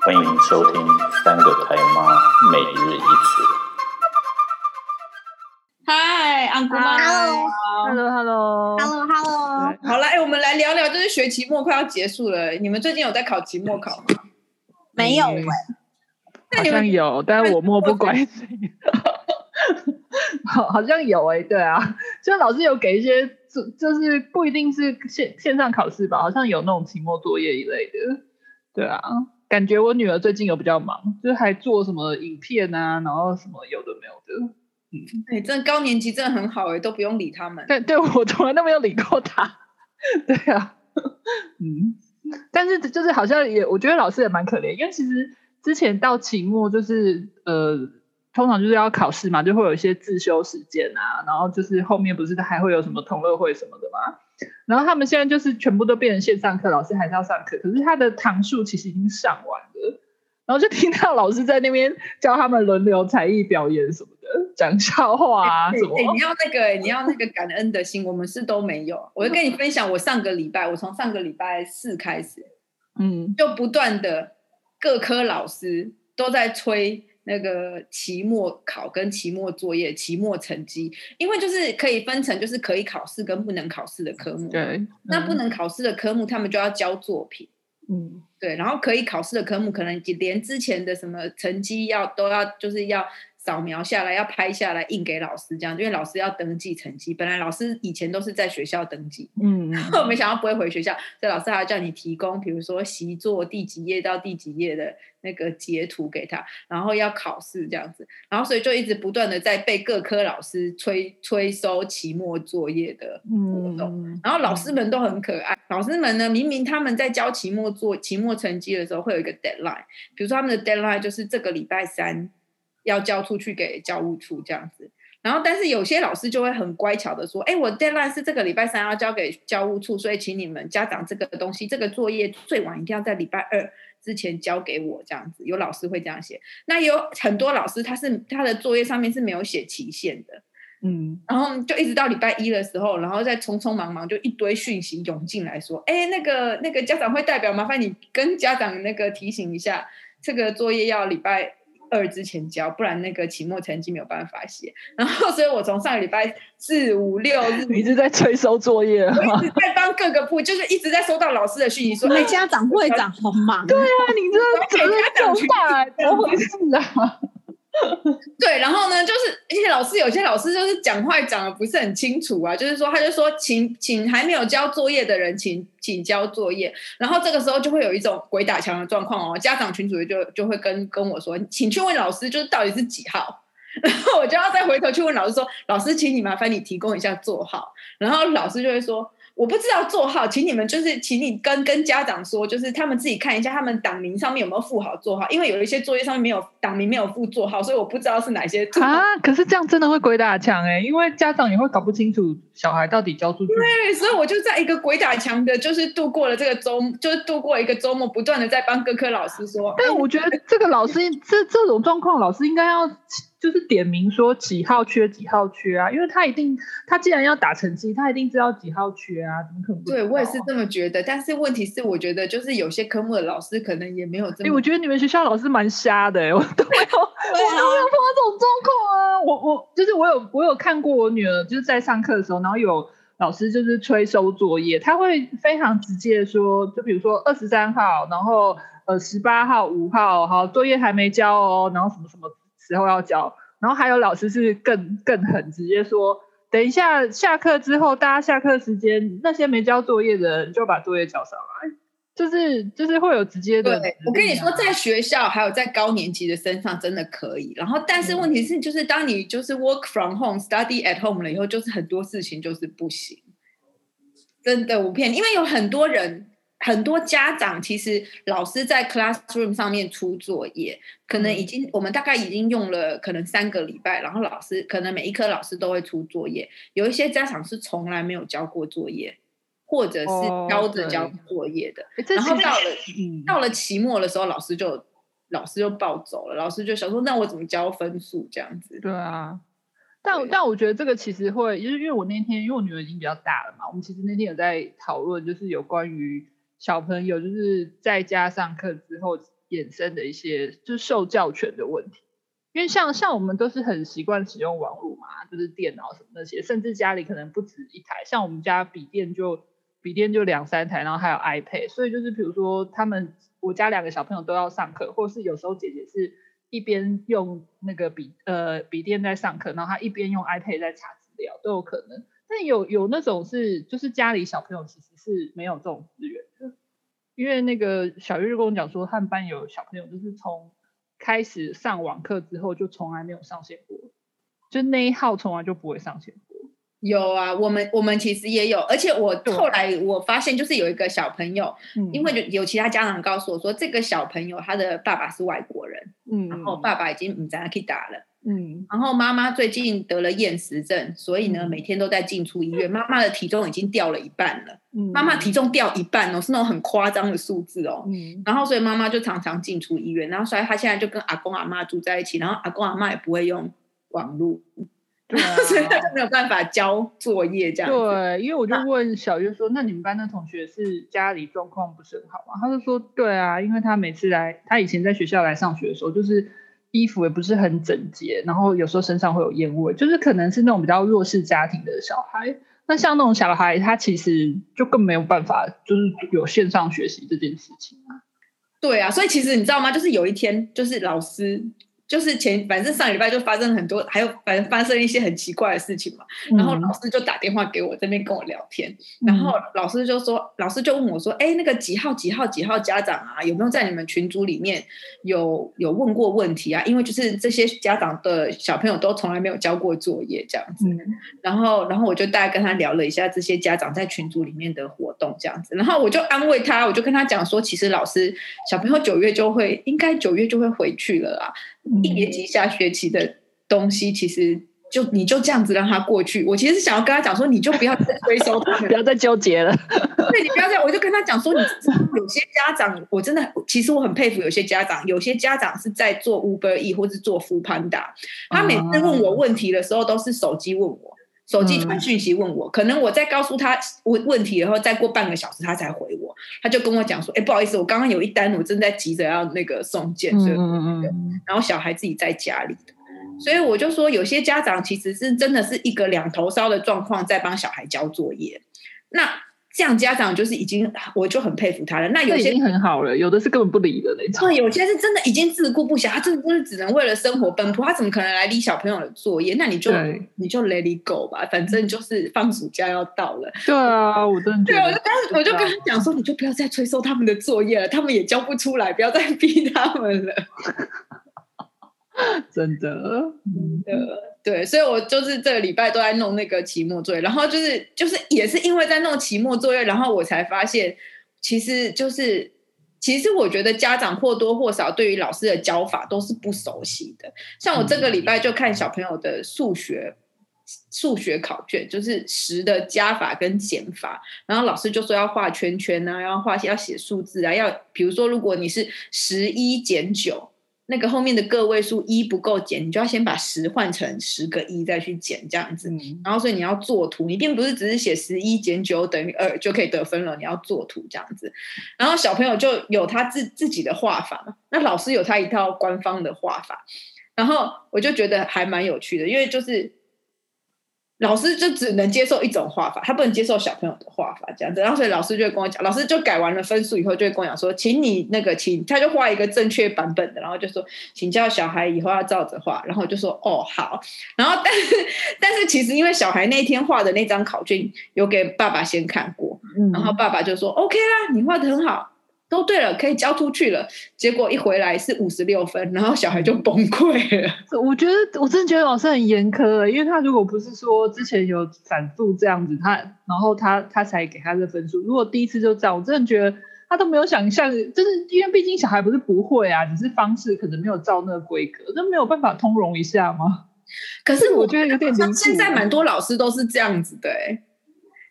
歡迎收聽《三個台媽每日一詞》Hi, Hi. Hello, hello. Hello, hello. Hey.。Hi，阿姑媽。Hello，Hello，Hello，Hello。好了，哎，我們來聊聊，就是學期末快要結束了，你們最近有在考期末考嗎？嗯、沒有哎，嗯、好像有，但是我漠不關心。Okay. 好，好像有哎、欸，對啊，就老師有給一些，就就是不一定是線線上考試吧，好像有那種期末作業一類的，對啊。感覺我女兒最近有比較忙，就還做什麼影片啊，然後什麼有的沒有的。嗯，哎，這高年級真的很好哎，都不用理他們。對，對，我從來都沒有理過他。對啊，嗯，但是就是好像也，我覺得老師也蠻可憐，因為其實之前到期末就是呃，通常就是要考試嘛，就會有一些自修時間啊，然後就是後面不是還會有什麼同樂會什麼的嗎？然後他們現在就是全部都變成線上課，老師還是要上課，可是他的堂數其實已經上完了。然後就聽到老師在那邊教他們輪流才藝表演什麼的，講笑話啊、欸欸、什麼、欸。你要那個，你要那個感恩的心，我們是都沒有。我跟你分享，我上個禮拜，我從上個禮拜四開始，嗯，就不斷的各科老師都在催。那個期末考跟期末作業、期末成績，因為就是可以分成，就是可以考試跟不能考試的科目。對，嗯，那不能考試的科目，他們就要交作品。嗯，對，然後可以考試的科目，可能連之前的什麼成績要都要，就是要。掃描下來要拍下來印給老師，這樣因為老師要登記成績。本來老師以前都是在學校登記，嗯，然後 沒想到不會回學校，所以老師還要叫你提供，比如說習作第幾頁到第幾頁的那個截圖給他，然後要考試這樣子，然後所以就一直不斷的在被各科老師催催收期末作業的活動。嗯，然後老師們都很可愛，老師們呢，明明他們在交期末作期末成績的時候會有一個 deadline，比如說他們的 deadline 就是這個禮拜三。要交出去給教務處這樣子，然後但是有些老師就會很乖巧的說：“哎、欸，我 deadline 是這個禮拜三要交給教務處，所以請你們家長這個東西，這個作業最晚一定要在禮拜二之前交給我這樣子。”有老師會這樣寫，那有很多老師他是他的作業上面是沒有寫期限的，嗯，然後就一直到禮拜一的時候，然後再匆匆忙忙就一堆訊息湧進來說：“哎、欸，那個那個家長會代表，麻煩你跟家長那個提醒一下，這個作業要禮拜。”二之前交，不然那個期末成績沒有辦法寫。然後，所以我從上個禮拜四、五、六日，一直 在催收作業，啊，一直在幫各個部，就是一直在收到老師的訊息說：“哎，哎家長的會長的好忙。”對啊，你這個責任重大，欸，怎麼回事啊？ 對，然後呢，就是而且老師有些老師就是講話講的不是很清楚啊，就是說他就說請請還沒有交作業的人請請交作業，然後這個時候就會有一種鬼打牆的狀況哦，家長群組就就會跟跟我說，請去問老師，就是到底是幾號，然後我就要再回頭去問老師說，老師，請你麻煩你提供一下座號，然後老師就會說。我不知道座號，請你們就是，請你跟跟家長說，就是他們自己看一下，他們檔名上面有沒有附好座號，因為有一些作業上面沒有檔名，沒有附座號，所以我不知道是哪些。啊，可是這樣真的會鬼打牆哎、欸，因為家長也會搞不清楚小孩到底交出去。對，所以我就在一個鬼打牆的，就是度過了這個周，就是度過一個周末，不斷的在幫各科老師說。但我覺得這個老師， 這這種狀況，老師應該要。就是點名說幾號缺幾號缺啊，因為他一定，他既然要打成績，他一定知道幾號缺啊，怎麼可能啊？對，我也是這麼覺得，但是問題是，我覺得就是有些科目的老師可能也沒有這麼。欸、我覺得你們學校老師蠻瞎的欸，我都沒有， 我都沒有碰到這種狀況啊！我我就是我有，我有看過我女兒就是在上課的時候，然後有老師就是催收作業，他會非常直接說，就比如說二十三號，然後呃十八號五號好作業還沒交哦，然後什麼什麼，之後要交，然後還有老師是更更狠，直接說等一下下課之後，大家下課時間那些沒交作業的人就把作業交上來，就是就是會有直接的啊。對，我跟你說，在學校還有在高年級的身上真的可以，然後但是問題是就是當你就是 work from home study at home 了以後，就是很多事情就是不行，真的我不騙你，因為有很多人。很多家長其實，老師在 classroom 上面出作業，可能已經、嗯、我們大概已經用了可能三個禮拜，然後老師可能每一科老師都會出作業，有一些家長是從來沒有交過作業，或者是交着交作業的，哦、然後到了、欸嗯、到了期末的時候老，老師就老師就暴走了，老師就想說，那我怎麼交分數這樣子？對啊，對但但我覺得這個其實會，就是因為因為我那天因為我女兒已經比較大了嘛，我們其實那天有在討論，就是有關於。小朋友就是在家上課之後衍生的一些，就是受教權的問題。因為像像我們都是很習慣使用網絡嘛，就是電腦什麼那些，甚至家裡可能不止一台，像我們家筆電就筆電就兩三台，然後還有 iPad，所以就是比如說他們，我家兩個小朋友都要上課，或是有時候姐姐是一邊用那個筆呃筆電在上課，然後她一邊用 iPad 在查資料都有可能。那有有那種是，就是家裡小朋友其實是沒有這種資源的，因為那個小月月跟我講說，他們班有小朋友就是從開始上網課之後就從來沒有上線過，就那一號從來就不會上線過。有啊，我們我們其實也有，而且我後來我發現，就是有一個小朋友，對因為有其他家長告訴我說，這個小朋友他的爸爸是外國人，嗯，然後爸爸已經不在去打了。嗯，然後媽媽最近得了厭食症，所以呢，嗯、每天都在進出醫院。媽媽的體重已經掉了一半了，嗯、媽媽的體重掉一半哦，是那種很誇張的數字哦。嗯，然後所以媽媽就常常進出醫院，然後所以她現在就跟阿公阿媽住在一起，然後阿公阿媽也不會用網路，所以她就沒有辦法交作業這樣子。對，因為我就問小月說：“啊、那你們班的同學是家裡狀況不是很好嗎？”他就說：“對啊，因為他每次來，他以前在學校來上學的時候，就是。”衣服也不是很整潔，然後有時候身上會有煙味，就是可能是那種比較弱勢家庭的小孩。那像那種小孩，他其實就更沒有辦法，就是有線上學習這件事情啊。對啊，所以其實你知道嗎？就是有一天，就是老師。就是前，反正上禮拜就發生很多，還有反正發生一些很奇怪的事情嘛。嗯、然後老師就打電話給我這邊跟我聊天，嗯、然後老師就說，老師就問我說：“哎，那個幾號幾號幾號家長啊，有沒有在你們群組裡面有有問過問題啊？”因為就是這些家長的小朋友都從來沒有交過作業這樣子。嗯，然後，然後我就大概跟他聊了一下這些家長在群組裡面的活動這樣子。然後我就安慰他，我就跟他講說，其實老師小朋友九月就會應該九月就會回去了啦。一年級下學期的東西，其實就你就這樣子讓他過去。我其實是想要跟他講說，你就不要再追究， 不要再糾結了。 對，你不要再，我就跟他講說，你有些家長，我真的其實我很佩服有些家長，有些家長是在做 Uber E 或是做 Foodpanda。他每次問我問題的時候，都是手機問我。嗯手機傳訊息問我，嗯、可能我在告訴他問問題以後，然後再過半個小時他才回我，他就跟我講說、欸：“不好意思，我剛剛有一單，我正在急着要那個送件，所以，然後小孩自己在家裡，所以我就說，有些家長其實是真的是一個兩頭燒的狀況，在幫小孩交作業，那。”這樣家長就是已經，我就很佩服他了。那有些已經很好了，有的是根本不理的那種。對，有些是真的已經自顧不暇，他真的就是只能為了生活奔波，他怎麼可能來理小朋友的作業？那你就對你就 let it go 吧，反正就是放暑假要到了。對啊，我真的。對啊，我就跟我就跟他講說，你就不要再催收他們的作業了，他們也交不出來，不要再逼他們了。 真的，真的。對，所以我就是這個禮拜都在弄那個期末作業，然後就是就是也是因為在弄期末作業，然後我才發現，其實就是其實我覺得家長或多或少對於老師的教法都是不熟悉的。像我這個禮拜就看小朋友的數學、嗯、數學考卷，就是十的加法跟減法，然後老師就說要畫圈圈啊，然後畫些要寫數字啊，要比如說如果你是十一減九。9，那個後面的個位數一不夠減，你就要先把十換成十個一再去減，這樣子。然後所以你要作圖，你並不是只是寫十一減九等於二就可以得分了，你要作圖這樣子。然後小朋友就有他自自己的畫法，那老師有他一套官方的畫法。然後我就覺得還蠻有趣的，因為就是。老師就只能接受一種畫法，他不能接受小朋友的畫法這樣子，然後所以老師就會跟我講，老師就改完了分數以後，就會跟我講說，請你那個請，他就畫一個正確版本的，然後就說，請叫小孩以後要照着畫，然後我就說哦好，然後但是但是其實因為小孩那天畫的那張考卷有給爸爸先看過，嗯、然後爸爸就說 OK 啦、啊，你畫的很好。都對了，可以交出去了。結果一回來是五十六分，然後小孩就崩潰了。我覺得，我真的覺得老師很嚴苛，因為他如果不是說之前有反復這樣子，他然後他他才給他的分數。如果第一次就這樣，我真的覺得他都沒有想象，就是因為畢竟小孩不是不會啊，只是方式可能沒有照那個規格，那沒有辦法通融一下嘛。可是我覺得有點像。現在蠻多老師都是這樣子的。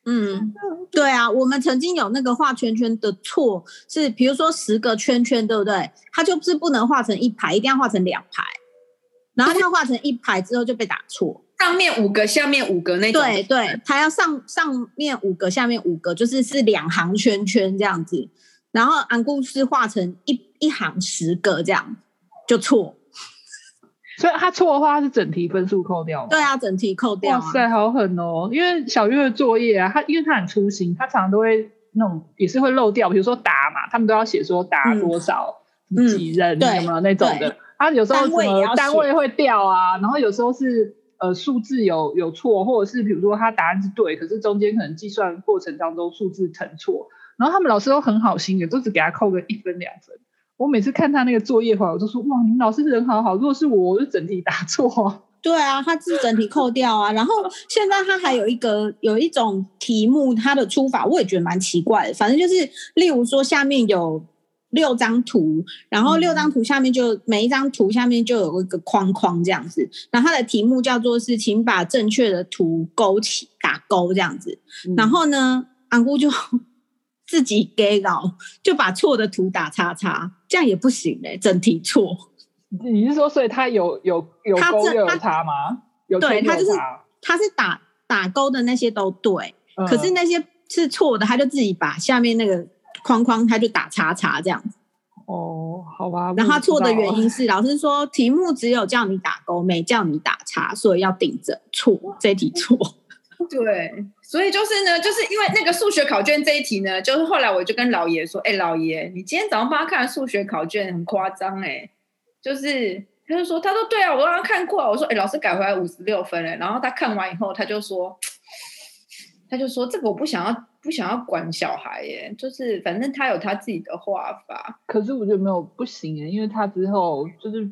嗯，對啊，我們曾經有那個畫圈圈的錯是，比如說十個圈圈，對不對？它就是不能畫成一排，一定要畫成兩排。然後它畫成一排之後就被打錯，上面五個，下面五個那種。對對，它要上上面五個，下面五個，就是是兩行圈圈這樣子。然後按故事畫成一一行十個這樣就錯。所以他錯的話，他是整題分數扣掉嗎？對啊，整題扣掉啊。哇塞，好狠哦！因為小月的作業啊，他因為他很粗心，他常常都會那種，也是會漏掉。比如說答嘛，他們都要寫說答多少，嗯、幾人，什麼、嗯、對那種的？他有時候單位會掉啊，然後有時候是呃數字有有錯，或者是比如說他答案是對，可是中間可能計算過程當中數字乘錯，然後他們老師都很好心的，都只給他扣個一分兩分。我每次看他那個作業的話，我就說哇，你們老師人好好。如果是我，我就整體打錯。啊，對啊，他是整體扣掉啊。 然後現在他還有一個有一種題目，他的出法我也覺得蠻奇怪的。反正就是，例如說下面有六張圖，然後六張圖下面就，嗯、每一張圖下面就有一個框框這樣子。然後他的題目叫做是，請把正確的圖勾起打勾這樣子。然後呢，安，嗯、姑就自己給搞，就把錯的圖打叉叉。這樣也不行哎、欸，整題錯。你是說，所以他有有有勾又有叉嗎？有，有對，他就是他是打打勾的那些都對，嗯、可是那些是錯的，他就自己把下面那個框框，他就打叉叉這樣。哦，好吧。然後他錯的原因是老師說題目只有叫你打勾，沒叫你打叉，所以要頂着錯，這一題錯。對，所以就是呢，就是因為那個數學考卷，這一題呢，就是後來我就跟老爺說，哎，老爺，你今天早上幫他看的數學考卷很誇張哎，就是他就說，他說對啊，我讓他看過，我說，哎，老師改回來五十六分哎，然後他看完以後，他就說，他就說這個我不想要，不想要管小孩耶，就是反正他有他自己的畫法，可是我覺得沒有不行，因為他之後就是。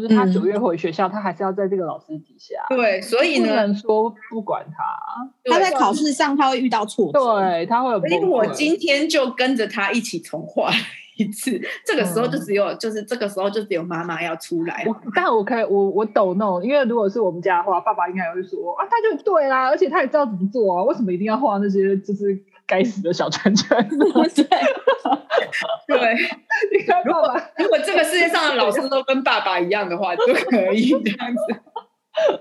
就是他九月回學校，嗯、他還是要在這個老師底下。對，所以呢，不能說不管他。對就是，他在考試上他會遇到挫折，對他會有。所以我今天就跟着他一起重畫一次。這個時候就只有，嗯、就是這個時候就只有媽媽要出來，啊。但我可以，我我抖 no，因為如果是我們家的話，爸爸應該會說啊，他就對啦，而且他也知道怎麼做啊，為什麼一定要畫那些就是。該死的小圈圈， 對， 你看，如果 如果這個世界上的老師都跟爸爸一樣的話， 就可以這樣子。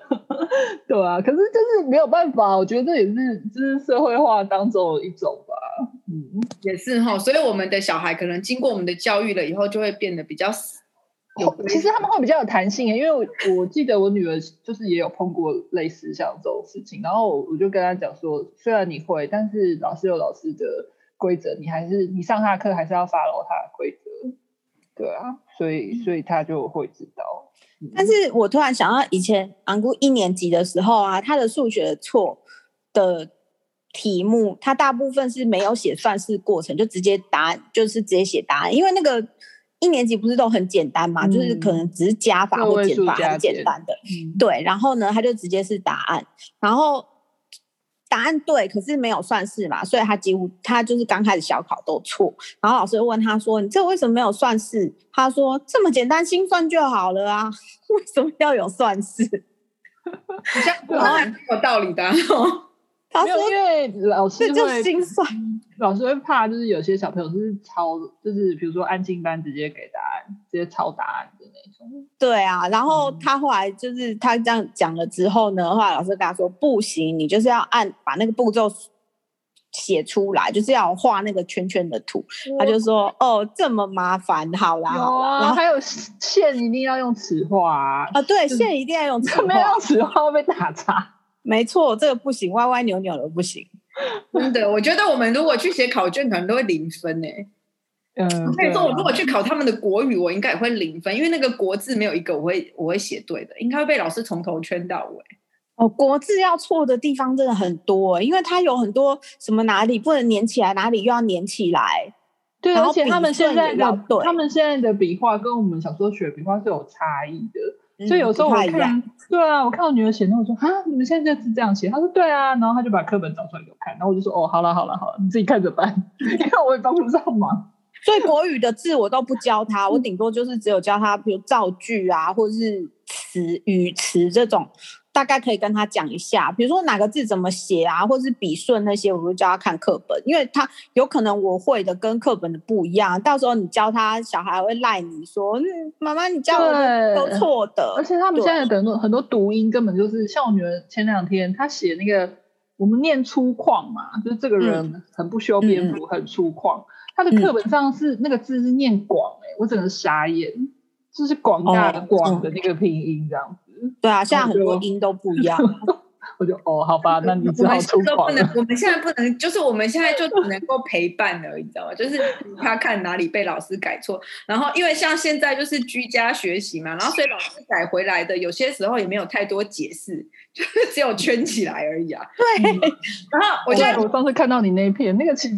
對啊，可是就是沒有辦法，我覺得這也是就是社會化當中的一種吧。嗯，也是哈，所以我們的小孩可能經過我們的教育了以後，就會變得比較死。其實他們會比較有彈性，因為我，我記得我女兒就是也有碰過類似像這種事情，然後我就跟她講說，雖然你會，但是老師有老師的規則，你還是你上他的課還是要 follow 他的規則。對啊，所以所以她就會知道。嗯、但是我突然想到以前昂姑、嗯、一年級的時候啊，他的數學錯的題目，他大部分是沒有寫算式過程，就直接答案，就是直接寫答案，因為那個。一年級不是都很簡單嘛？嗯、就是可能只是加法或減法，很簡單的。嗯、對，然後呢，他就直接是答案，然後答案對，可是沒有算式嘛，所以他幾乎他就是剛開始小考都錯。然後老師問他說：“你這為什麼沒有算式？”他說：“這麼簡單，心算就好了啊，為什麼要有算式？”哈哈 像，當然有道理的、啊。 老師沒有，因為老師就會，就心酸老師會怕，就是有些小朋友是抄，就是比如說安親班直接給答案，直接抄答案的那種。對啊，然後他後來就是、嗯、他這樣講了之後呢，後來老師跟他說，不行，你就是要按把那個步驟寫出來，就是要畫那個圈圈的圖。我他就說，哦，這麼麻煩，好啦好啦，啊、然後還有線一定要用尺畫啊，對，就是、線一定要用尺，沒有用尺畫會被打叉。沒錯，這個不行，歪歪扭扭的不行。 真的，我覺得我們如果去寫考卷，可能都會零分呢、欸。嗯，可以說我如果去考他們的國語，我應該也會零分，因為那個國字沒有一個我會我會寫對的，應該會被老師從頭圈到尾。哦，國字要錯的地方真的很多、欸，因為它有很多什麼哪裡不能連起來，哪裡又要連起來。對，後而且他們現在的對他們現在的筆畫跟我們小時候學筆畫是有差異的。所以有時候我看，對啊，我看我女兒寫那，我說啊，你們現在是這樣寫，她說對啊，然後她就把課本找出來給我看，然後我就說哦，好了好了好了，你自己看着辦，你看我也幫不上忙。嗯、所以國語的字我都不教她，我頂多就是只有教她，比如造句啊，或者是詞語詞這種。大概可以跟他講一下，比如說哪個字怎麼寫啊，或是筆順那些，我就教他看課本，因為他有可能我會的跟課本的不一樣。到時候你教他，小孩會賴你說：“嗯、媽媽，你教的都錯的。對”對而且他們現在很多很多讀音根本就是，像我女兒前兩天她寫那個，我們念粗獷嘛，就是這個人很不修邊幅很粗獷。嗯、他的課本上是、嗯、那個字是念廣哎、欸，我整個傻眼，嗯、就是廣大的廣的那個拼音這樣。哦嗯對啊，像現在很多音都不一樣，我就， 我就哦，好吧，那你知道，都不能，我們現在不能，就是我們現在就只能夠陪伴而已，你知道嗎？就是他看哪裡被老師改錯，然後因為像現在就是居家學習嘛，然後所以老師改回來的有些時候也沒有太多解釋，就只有圈起來而已啊。對、嗯，然後我記、oh、我上次看到你那一片，那個其實。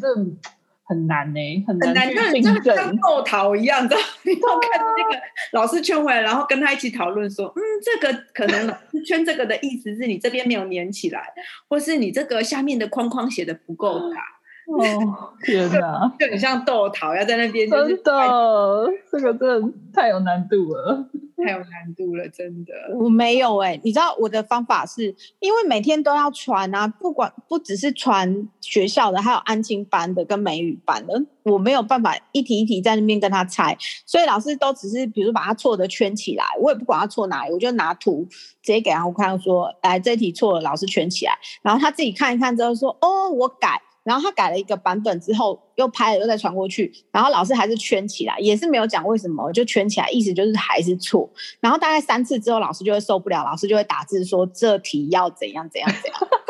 很難誒、欸，很難，很難就你就像豆桃一樣的，你要、啊、看那個老師圈回來，然後跟他一起討論說，嗯，這個可能老師圈這個的意思是你這邊沒有粘起來， 或是你這個下面的框框寫的不夠大、啊。嗯哦，天吶、啊，就很像豆桃，要在那邊真的，這個真的太有難度了，呵呵太有難度了，真的。我沒有哎、欸，你知道我的方法是，因為每天都要傳啊，不管不只是傳學校的，還有安親班的跟美語班的，我沒有辦法一題一題在那邊跟他猜，所以老師都只是，比如說把他錯的圈起來，我也不管他錯哪裡，我就拿圖直接給他我看，說，哎，這題錯了，老師圈起來，然後他自己看一看之後說，哦，我改。然後他改了一個版本之後，又拍了又再傳過去，然後老師還是圈起來，也是沒有講為什麼就圈起來，意思就是還是錯。然後大概三次之後，老師就會受不了，老師就會打字說這題要怎樣怎樣怎樣。哈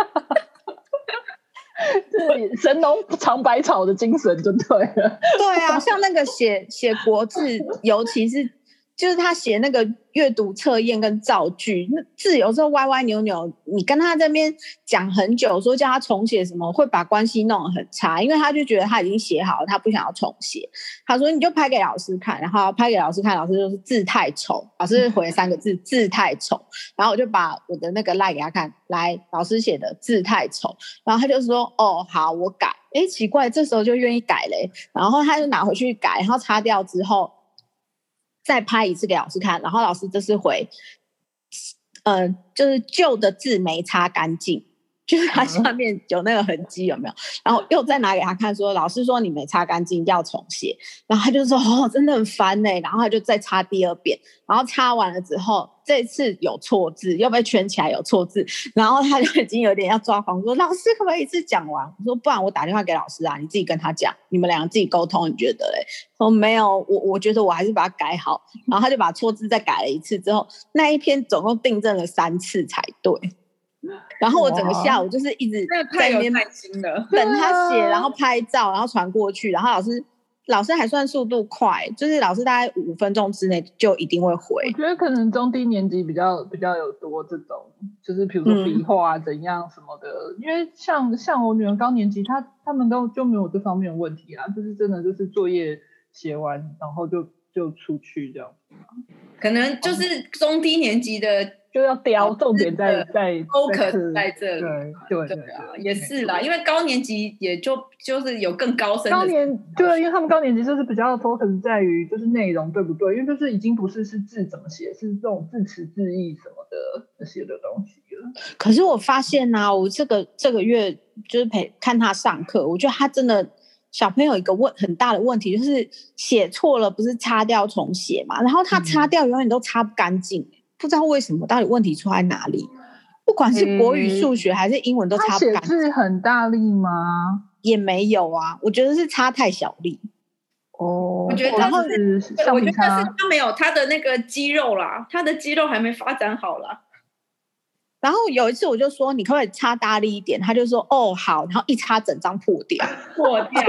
是神農嘗百草的精神，就對了。對啊，像那個寫寫國字，尤其是。就是他寫那個閱讀測驗跟造句，那字有時候歪歪扭扭，你跟他這邊講很久，說叫他重寫什麼，會把關係弄得很差，因為他就覺得他已經寫好了，他不想要重寫。他說你就拍給老師看，然後拍給老師看，老師就是字太醜，老師回了三個字，嗯、字太醜。然後我就把我的那個 LINE 給他看，來老師寫的字太醜，然後他就說哦好我改，誒奇怪這時候就願意改嘞，然後他就拿回去改，然後擦掉之後。再拍一次給老師看，然後老師這次回，嗯、呃，就是舊的字沒擦乾淨，就是它下面有那個痕跡，有沒有？然後又再拿給他看，說老師說你沒擦乾淨，要重寫。然後他就說哦，真的很煩呢、欸，然後他就再擦第二遍，然後擦完了之後。這一次有錯字，要不要圈起來？有錯字，然後他就已經有點要抓狂，說：“老師，可不可以一次講完？”我說：“不然我打電話給老師啊，你自己跟他講，你們兩個自己溝通。”你覺得嘞？說沒有，我我覺得我還是把它改好。然後他就把錯字再改了一次之後，那一篇總共訂正了三次才對。然後我整個下午就是一直在裡面耐心的等他寫，然後拍照，然後傳過去，然後老師。老師還算速度快，就是老師大概五分鐘之內就一定會回。我覺得可能中低年級比較比較有多這種，就是比如說筆畫啊、嗯、怎樣什麼的，因為像像我女兒高年級，她她們都就沒有這方面的問題啦，就是真的就是作業寫完然後就就出去這樣。可能就是中低年級的。就要雕，重點在、哦、在 focus, Focus S, 在,刻 在這裡，對,對對啊，也是啦，錯因為高年級也就就是有更高深、啊、高年，對，因為他們高年級就是比較 focus 在於就是內容對不對？因為就是已經不是是字怎麼寫，是這種字詞字意什麼的那些的東西。可是我發現啊，我這個這個月就是陪看他上課，我覺得他真的小朋友有一個問很大的問題就是寫錯了不是擦掉重寫嘛，然後他擦掉永遠都擦不乾淨、欸。嗯不知道為什麼，到底問題出在哪裡？不管是國語、嗯、數學還是英文，都差不寫是很大力嗎？也沒有啊，我覺得是差太小力。哦，然後我覺得他是然後，我覺得是他沒有他的那個肌肉啦，他的肌肉還沒發展好了。然後有一次我就說：“你可不可以擦大力一點？”他就說：“哦，好。”然後一擦整張破掉，我天，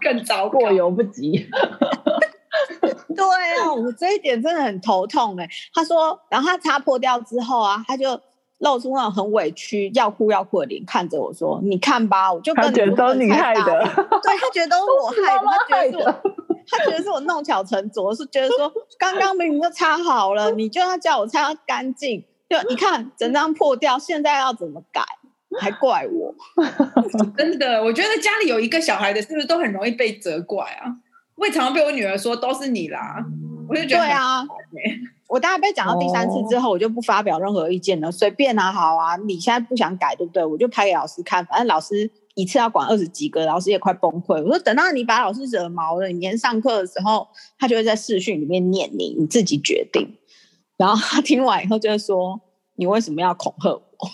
更糟糕，過猶不及。 對啊，我這一點真的很頭痛哎、欸。他說，然後他擦破掉之後啊，他就露出那種很委屈、要哭要哭的臉，看着我說：“你看吧，我就跟他覺得說，你害的，對他覺得都是我害的，媽媽害的，他覺得是我， 他覺得是我弄巧成拙，是覺得說剛剛明明就擦好了， 你就要叫我擦乾淨，就你看整張破掉，現在要怎麼改，還怪我？ 真的，我覺得家裡有一個小孩的，是不是都很容易被責怪啊？”為什麼被我女兒說都是你啦？嗯、我就覺得、欸、對啊，我大概被講到第三次之後，Oh. 我就不發表任何意見了，隨便啊，好啊，你現在不想改對不對？我就拍給老師看，反正老師一次要管二十幾個，老師也快崩潰。我說等到你把老師惹毛了，你連上課的時候他就會在視訊裡面念你，你自己決定。然後他聽完以後就會說你為什麼要恐嚇我？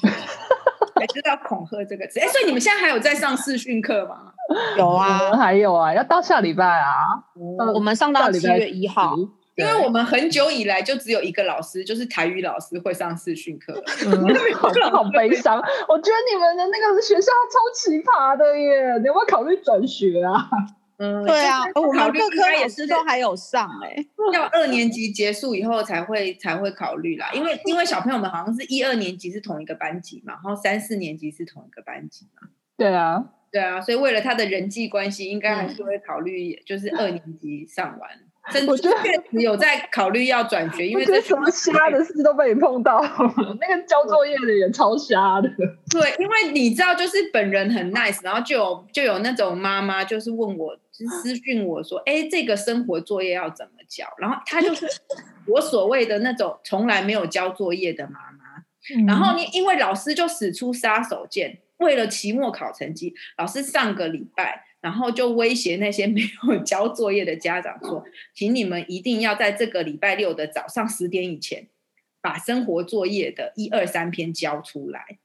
就 是要恐嚇這個詞、欸。所以你們現在還有在上視訊課嗎？有啊，還有啊，要到下禮拜啊。嗯、到我們上到七月一號，對因為我們很久以來就只有一個老師，就是台語老師會上視訊課，好悲傷。呵呵我覺得你們的那個學校超奇葩的耶，你有沒有考慮轉學啊？嗯，對啊，我們各科也是都還有上哎、欸，要二年級結束以後才會才會考慮啦，因為因為小朋友們好像是一二年級是同一個班級嘛，然後三四年級是同一個班級嘛，對啊。對啊，所以為了他的人際關係，應該還是會考慮，就是二年級上完，真的，嗯，確實有在考慮要轉學，因為這什麼瞎的事都被你碰到， 那個交作業的人超瞎的。 對，因為你知道，就是本人很 nice，然後就有就有那種媽媽，就是問我，就是、私訊我說， 哎，這個生活作業要怎麼交？然後他就是我所謂的那種從來沒有交作業的媽媽，嗯、然後你因為老師就使出殺手鐧。為了期末考成績，老師上個禮拜，然後就威脅那些沒有交作業的家長說：“請你們一定要在這個禮拜六的早上十點以前，把生活作業的一二三篇交出來。”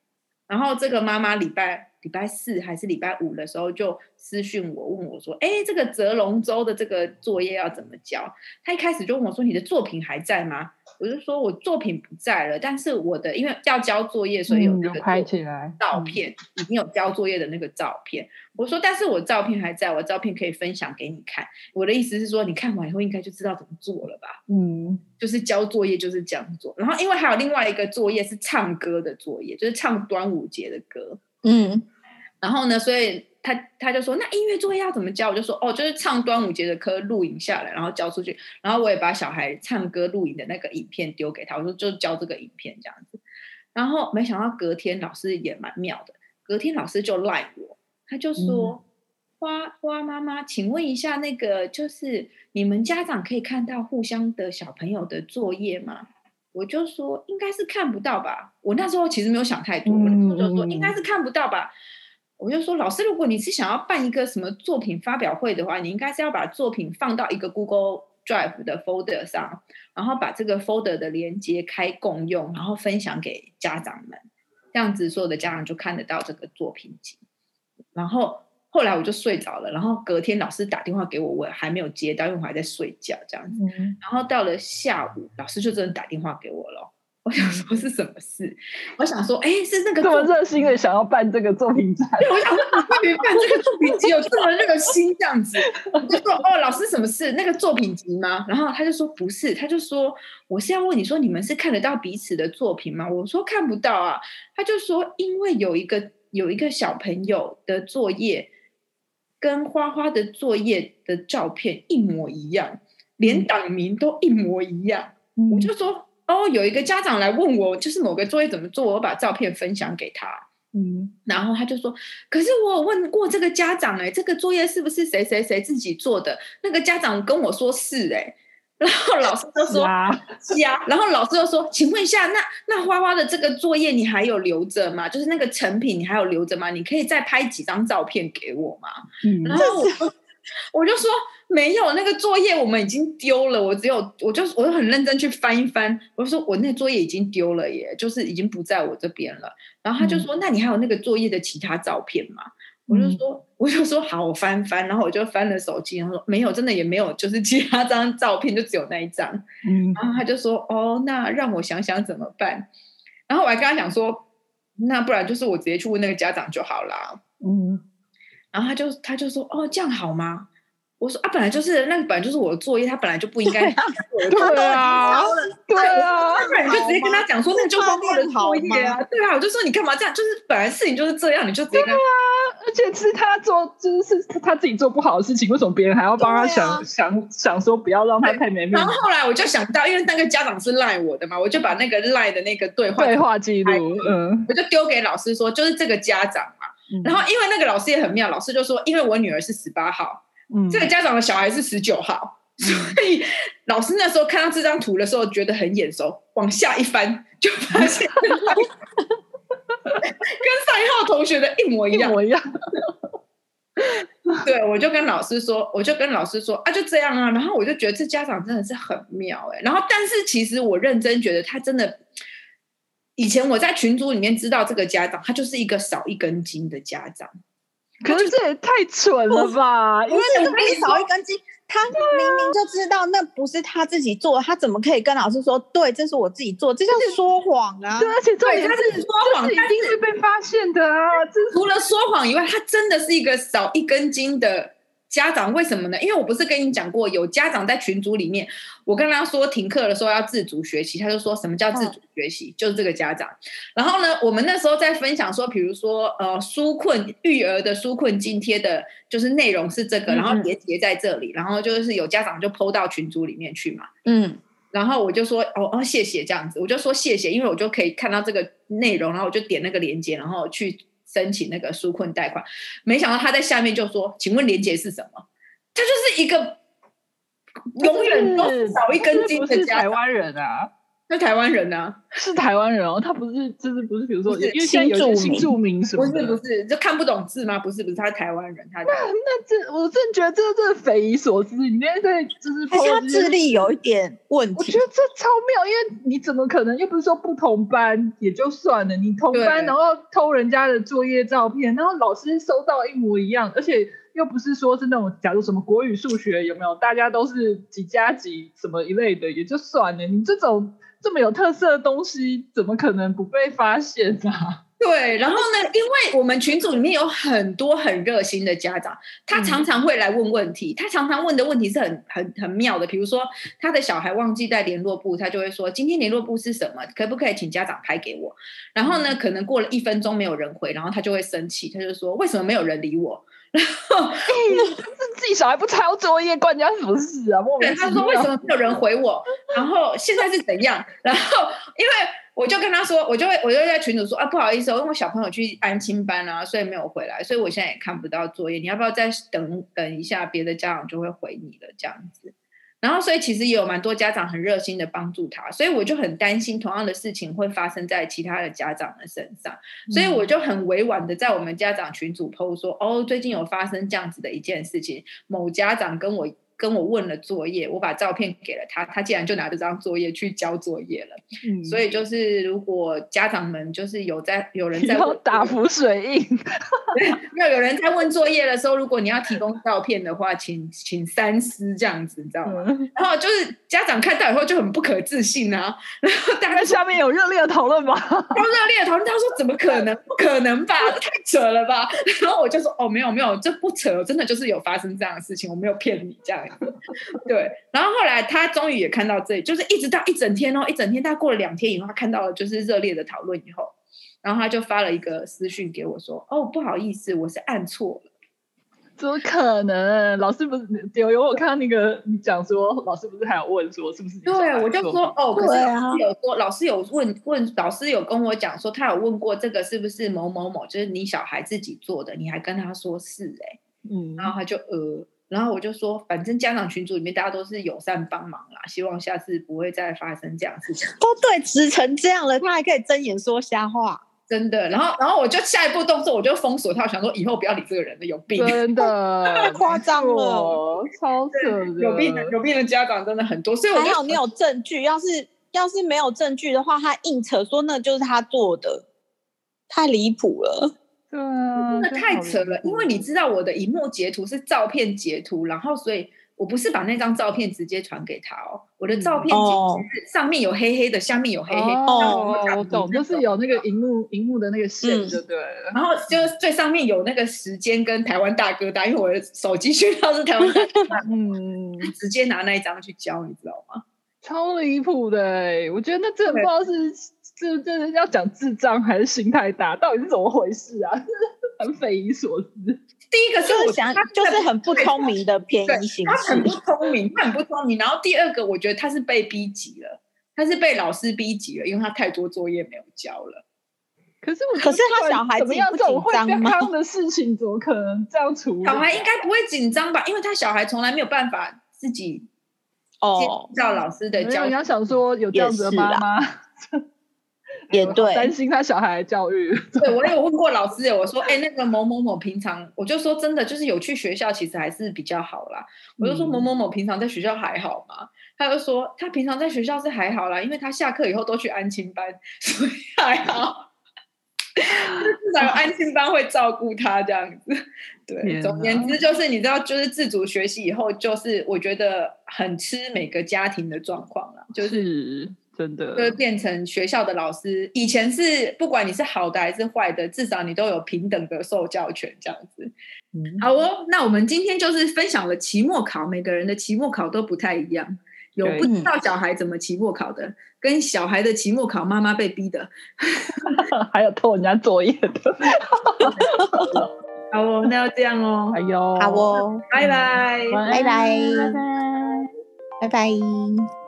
然後這個媽媽禮拜。禮拜四還是禮拜五的時候，就私訊我問我說：“哎，這個折龍舟的這個作業要怎麼交？”他一開始就問我說：“你的作品還在嗎？”我就說：“我作品不在了，但是我的因為要交作業，所以有那個，這個照片，嗯、拍起來已經有交作業的那個照片。嗯”我說：“但是我照片還在，我照片可以分享給你看。”我的意思是說，你看完以後應該就知道怎麼做了吧？嗯，就是交作業就是這樣做。然後因為還有另外一個作業是唱歌的作業，就是唱端午節的歌。嗯，然後呢，所以他他就說，那音樂作業要怎麼交？我就說，哦，就是唱端午節的歌，錄影下來，然後交出去。然後我也把小孩唱歌錄影的那個影片丟給他，我說就交這個影片這樣子。然後沒想到隔天老師也蠻妙的，隔天老師就賴我，他就說：“花花、嗯、媽媽，請問一下，那個就是你們家長可以看到互相的小朋友的作業嗎？”我就說應該是看不到吧，我那時候其實沒有想太多，我就說應該是看不到吧。嗯。我就說老師，如果你是想要辦一個什麼作品發表會的話，你應該是要把作品放到一個 Google Drive 的 folder 上，然後把這個 folder 的連接開共用，然後分享給家長們，這樣子所有的家長就看得到這個作品集，然後。後來我就睡着了，然後隔天老師打電話給我，我還沒有接到，因為我還在睡覺這樣子。嗯、然後到了下午，老師就真的打電話給我了。我想說是什麼事？我想說，哎，是那個這麼熱心的想要辦這個作品集。我想問，為什麼辦這個作品集有這麼熱心這樣子？我就說，哦，老師，什麼事？那個作品集嗎？然後他就說不是，他就說我是要問你說，你們是看得到彼此的作品嗎？我說看不到啊。他就說，因為有一個有一個小朋友的作業，跟花花的作業的照片一模一樣，連檔名都一模一樣。嗯、我就說哦，有一個家長來問我，就是某個作業怎麼做，我把照片分享給他。嗯，然後他就說，可是我有問過這個家長哎、欸，這個作業是不是誰誰誰自己做的？那個家長跟我說是、欸然後老師就說：“啊 是啊。”然後老師就說：“請問一下，那那花花的這個作業你還有留着嗎？就是那個成品你還有留着嗎？你可以再拍幾張照片給我嗎？”嗯、然後我，是我就說沒有，那個作業我們已經丟了，我只有我就我就很認真去翻一翻，我就說我那作業已經丟了耶，也就是已經不在我這邊了。然後他就說：“嗯、那你還有那個作業的其他照片嗎？”我就說，嗯、我就說好，我翻翻，然後我就翻了手機，然後說沒有，真的也沒有，就是其他張照片就只有那一張。嗯、然後他就說，哦，那讓我想想怎麼辦。然後我還跟他講說，那不然就是我直接去問那個家長就好了。嗯，然後他就他就說，哦，這樣好嗎？我說啊，本來就是那個，本來就是我的作業，他本來就不應該。 對啊，對啊，你就直接跟他講說，那就幫別人做作業啊，對啊，我就說你幹嘛這樣？就是本來事情就是這樣，你就直接。對啊。而且是他做，就是、是他自己做不好的事情，為什麼別人還要幫他想、啊、想想說不要讓他太沒面子？然後後來我就想到，因為那個家長是賴我的嘛，我就把那個賴的那個對話對話記錄，嗯，我就丟給老師說，就是這個家長嘛。嗯、然後因為那個老師也很妙，老師就說，因為我女兒是十八號，嗯、這個家長的小孩是十九號，所以老師那時候看到這張圖的時候覺得很眼熟，往下一翻就發現。 跟三號同學的一模一樣，一樣。對，我就跟老師說，我就跟老師說啊，就這樣啊。然後我就覺得這家長真的是很妙哎、欸。然後，但是其實我認真覺得他真的，以前我在群組裡面知道這個家長，他就是一個少一根筋的家長。可是這也太蠢了吧！因為那個可以少一根筋，他明明就知道那不是他自己做，啊、他怎麼可以跟老師說，對？這是我自己做，這是說謊啊！對，而且對他是說謊，一定是，是，是被發現的啊！是除了說謊以外，他真的是一個少一根筋的。家長為什麼呢？因為我不是跟你講過，有家長在群組裡面，我跟他說停課的時候要自主學習，他就說什麼叫自主學習？哦、就是這個家長。然後呢，我們那時候在分享說，比如說呃，紓困育兒的紓困津貼的，就是內容是這個，嗯、然後連結在這裡，然後就是有家長就拋到群組裡面去嘛。嗯，然後我就說哦哦謝謝這樣子，我就說謝謝，因為我就可以看到這個內容，然後我就點那個鏈接，然後去。申請那個紓困貸款，沒想到他在下面就說：“請問連結是什麼？”他就是一個永遠都少一根筋的是是台灣人啊。那台灣人呢、啊？ 是台灣人哦，他不是，就是不是，比如說，是因為現在有些新住民什不是，不是，就看不懂字嗎？不是，不是，他台灣人。他人那那這，我真覺得這真的匪夷所思。你那在就是，他智力有一點問題。我覺得這超妙，因為你怎麼可能？又不是說不同班也就算了，你同班對然後偷人家的作業照片，然後老師收到一模一樣，而且又不是說是那種，假如什麼國語、數學有沒有，大家都是幾加幾什麼一類的，也就算了。你這種。這麼有特色的東西，怎麼可能不被發現呢、啊？對，然後呢，因為我們群組裡面有很多很熱心的家長，他常常會來問問題，嗯、他常常問的問題是很很很妙的。比如說，他的小孩忘記帶聯絡簿，他就會說：“今天聯絡簿是什麼？可不可以請家長拍給我？”然後呢，可能過了一分鐘沒有人回，然後他就會生氣，他就說：“為什麼沒有人理我？” 然後我、欸，自己小孩不抄作業，關人家什麼事啊？莫名其妙，對，他說為什麼沒有人回我？ 然後現在是怎樣？然後因為我就跟他說，我就會，我就在群組說啊，不好意思，我因為小朋友去安親班啊，所以沒有回來，所以我現在也看不到作業。你要不要再等等一下，別的家長就會回你了，這樣子。然後，所以其實也有蠻多家長很熱心的幫助他，所以我就很擔心同樣的事情會發生在其他的家長的身上，所以我就很委婉的在我們家長群組 PO 說，哦，最近有發生這樣子的一件事情，某家長跟我。跟我問了作業，我把照片給了他，他竟然就拿這張作業去交作業了。嗯、所以就是如果家長們就是有在有人在打浮水印，沒有有人在問作業的時候，如果你要提供照片的話，請請三思這樣子，你知道嗎？嗯、然後就是家長看到以後就很不可置信啊，然後大家下面有熱烈的討論嗎？然後熱烈的討論，他說怎麼可能？不可能吧？太扯了吧？然後我就說哦，沒有沒有，這不扯，真的就是有發生這樣的事情，我沒有騙你這樣。 對，然後後來他終於也看到這裡，就是一直到一整天哦，一整天。他過了兩天以後，他看到了就是熱烈的討論以後，然後他就發了一個私訊給我說：“哦，不好意思，我是按錯了。”怎麼可能？老師不是有有我看到那個你講說老師不是還有問說是不是，是？對、啊，我就說哦，可是啊，有說老師有問問老師有跟我講說他有問過這個是不是某某某，就是你小孩自己做的，你還跟他說是哎、欸，嗯，然後他就呃。然後我就說，反正家長群組裡面大家都是友善幫忙啦，希望下次不會再發生這樣的事情。哦，對峙成這樣了， 他還可以睜眼說瞎話，真的。然後，然後我就下一步動作，我就封鎖他，我想說以後不要理這個人了，有病。真的 太誇張了，超有病的。有病的家長真的很多，所以還好你有證據。要是要是沒有證據的話，他硬扯說那就是他做的，太離譜了。嗯，那太扯了，因為你知道我的熒幕截圖是照片截圖，然後所以我不是把那張照片直接傳給他哦，我的照片截圖上面有黑黑的，下面有黑黑。哦，我懂，就是有那個熒幕熒幕的那個線，對對。然後就最上面有那個時間跟台灣大哥大，因為我的手機訊號是台灣大哥大。嗯，直接拿那一張去交，你知道嗎？超離譜的欸，我覺得那這包是。是，不是，這、就是要講智障還是心太大？到底是怎麼回事啊？ 很匪夷所思。第一個就是想，他就是很不聰明的偏執型，他很不聰明，他很不聰明、明。然後第二個，我覺得他是被逼急了，他是被老師逼急了，因為他太多作業沒有交了。可是我，我可是他小孩怎麼樣？這種會這他的事情，怎麼可能這樣處理？小孩應該不會緊張吧？因為他小孩從來沒有辦法自己哦，照老師的教、哦。你要想說有這樣子的媽媽。 也對，擔心他小孩的教育對。 對，我也有問過老師耶。我說：“哎、欸，那個某某某平常……我就說真的，就是有去學校，其實還是比較好啦。嗯”我就說：“某某某平常在學校還好嗎？”他就說：“他平常在學校是還好啦，因為他下課以後都去安親班，所以還好。 至少安親班會照顧他這樣子。”對，啊、總言之就是，你知道，就是自主學習以後，就是我覺得很吃每個家庭的狀況了，就是。是真的，就變成學校的老師，以前是不管你是好的還是壞的，至少你都有平等的受教權這樣子。好哦，那我們今天就是分享了期末考，每個人的期末考都不太一樣，有不知道小孩怎麼期末考的，跟小孩的期末考媽媽被逼的，還有偷人家作業的。好哦，那要這樣哦。哎呦，好哦，拜拜，拜拜，拜拜，拜拜。